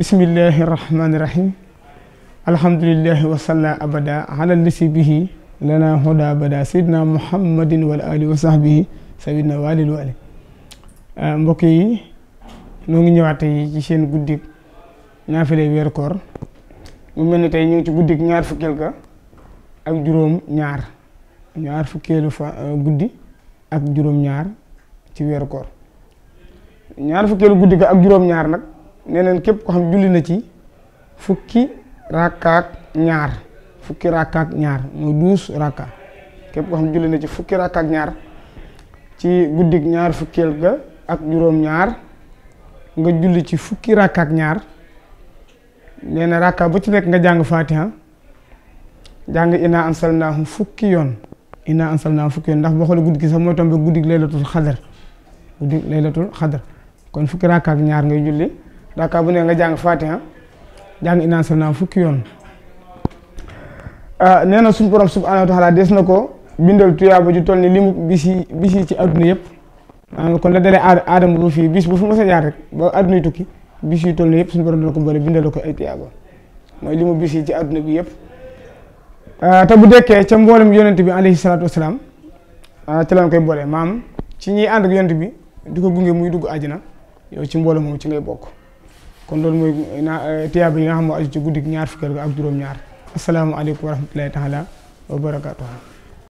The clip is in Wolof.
bismillahi rahmaani rahim alhamdulillahi wasalla abada ala lisi bihi lana huda abada sayidna muhammadin wal ali wa sahbihi sayidna walil wali ah, mbokk yi noo ngi ñëwaat tey ci seen guddik mu mel ni tey ñu ngi ci guddik ñaar fukkeel ga ak juróom ñaar ñaar fukkeelu fa ah, guddi ak juróom ñaar ci weeru ñaar fukkeelu guddi ga ak juróom ñaar nag nee neen képp ko xam julli na ci fukki rakkaak ñaar fukki rakkaak ñaar mooy douze képp ko xam julli na ci fukki rakkaak ñaar ci guddig ñaar fukkeel ga ak juróom ñaar nga julli ci fukki rakkaak ñaar nee na ba ci nekk nga jàng fatiha jàng inaa ansalnaahu fukki yoon inaa ansalnaahu fukki yoon ndax boo xoolee guddi gi sax mooy tombe guddig laylatul xadar guddig laylatul xadar kon fukki rakkaak ñaar ngay julli rakka bu ne nga jàng fatiha jàng inaan sal naa fukki yoon ah, nee na suñu borom subhanahu wa taala des na ko bindal tuyaaba ju toll ni limu bisi bisi ci adduna yëpp maanaam ah, kon la dalee bu fii bis bu fi mos a jaar rek ba adduna yi tukki bis yëpp suñu borom dana ko bëri bindal ko ay tuyaaba mooy limu bis yi ci adduna bi yëpp ah, te bu dekkee ca mboolem yonent bi alayhi salaatu wasalaam ci lañ koy boole maam ci ñiy ànd ak yonent bi di ko gunge muy dugg àjjana yow ci mboolem moom ci ngay bokk kon loolu mooy euh, tiyaaba yi nga xam moo aju ci guddi ñaar fukki ak juróom-ñaar asalaamaaleykum wa rahmatulahi taala wa barakaatu